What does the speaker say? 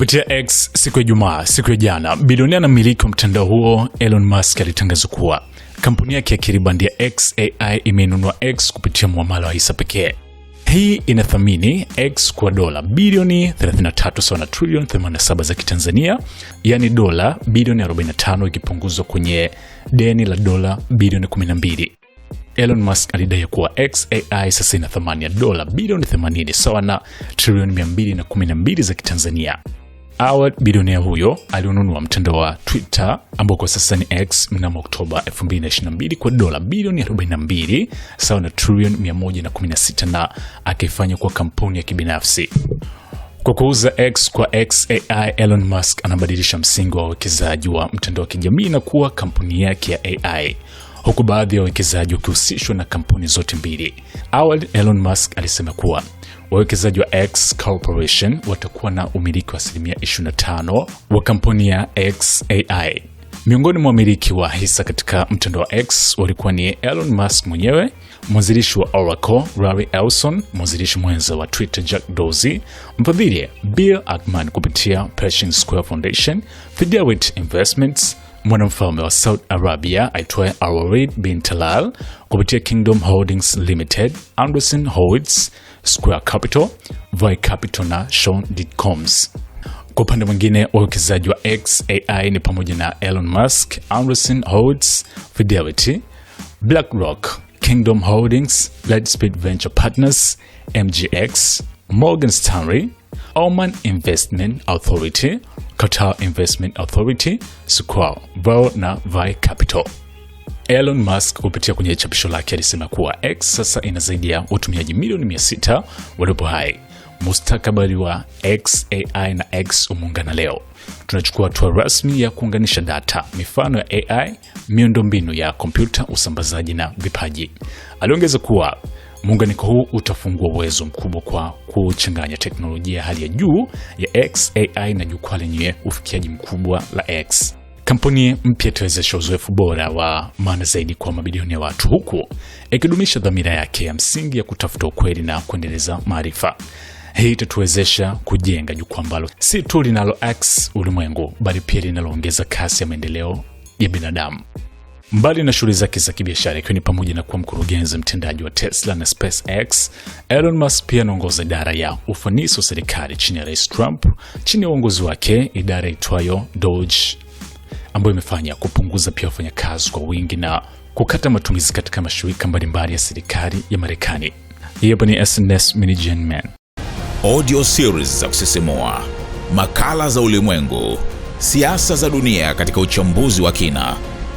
Kupitia X siku ya Ijumaa, siku ya jana, bilionea na mmiliki wa mtandao huo Elon Musk alitangaza kuwa kampuni yake ya kiribandia XAI imeinunua X kupitia muamala wa hisa pekee. Hii inathamini X kwa dola bilioni 33 sawa na trilioni 87 za Kitanzania, yaani dola bilioni 45 ikipunguzwa kwenye deni la dola bilioni 12. Elon Musk alidai kuwa XAI sasa ina thamani ya dola bilioni 80 sawa na trilioni 212 za Kitanzania. Awali bilionea huyo alionunua mtandao wa Twitter ambao kwa sasa ni X mnamo Oktoba 2022 kwa dola bilioni 42 sawa na trillion 116 na akifanya kwa kampuni ya kibinafsi. Kwa kuuza X kwa XAI, Elon Musk anabadilisha msingi wa wawekezaji wa mtandao wa kijamii na kuwa kampuni yake ya AI huku baadhi ya wawekezaji wakihusishwa na kampuni zote mbili. Awali Elon Musk alisema kuwa wawekezaji wa X Corporation watakuwa na umiliki wa asilimia 25 wa kampuni ya XAI. Miongoni mwa wamiliki wa hisa katika mtandao wa X walikuwa ni Elon Musk mwenyewe, mwanzilishi wa Oracle Larry Ellison, mwanzilishi mwenza wa Twitter Jack Dorsey, mfadhili Bill Ackman kupitia Pershing Square Foundation, Fidelity Investments Mwanamfalme wa uh, Saudi Arabia aitwaye al bin Talal kupitia Kingdom Holdings Limited, Anderson Holds, Square Capital, Voi Capital na Sean Didcoms. Kwa upande mwingine, wawekezaji wa XAI ni pamoja na Elon Musk, Anderson Holds, Fidelity, BlackRock, Kingdom Holdings, Lightspeed Venture Partners, MGX, Morgan Stanley, Oman Investment Authority Qatar Investment Authority, Sukwa, Bell na Vi Capital. Elon Musk kupitia kwenye chapisho lake alisema kuwa X sasa ina zaidi ya watumiaji milioni 600 waliopo hai. Mustakabali wa XAI na X umeungana leo. Tunachukua hatua rasmi ya kuunganisha data, mifano ya AI, miundombinu ya kompyuta, usambazaji na vipaji. Aliongeza kuwa Muunganiko huu utafungua uwezo mkubwa kwa kuchanganya teknolojia ya hali ya juu ya X, AI na jukwaa lenye ufikiaji mkubwa la X. Kampuni mpya itawezesha uzoefu bora wa maana zaidi kwa mabilioni ya watu, huku ikidumisha dhamira yake ya msingi ya kutafuta ukweli na kuendeleza maarifa. Hii itatuwezesha kujenga jukwaa ambalo si tu linalo X ulimwengu, bali pia linaloongeza kasi ya maendeleo ya binadamu. Mbali na shughuli zake za kibiashara ikiwa ni pamoja na kuwa mkurugenzi mtendaji wa Tesla na SpaceX, Elon Musk pia anaongoza idara ya ufanisi wa serikali chini ya Rais Trump. Chini ya uongozi wake, idara itwayo DOGE ambayo imefanya kupunguza pia wafanyakazi kwa wingi na kukata matumizi katika mashirika mbalimbali ya serikali ya Marekani. Hiyo ni SNS Gen Man. Audio series za kusisimua, makala za ulimwengu, siasa za dunia katika uchambuzi wa kina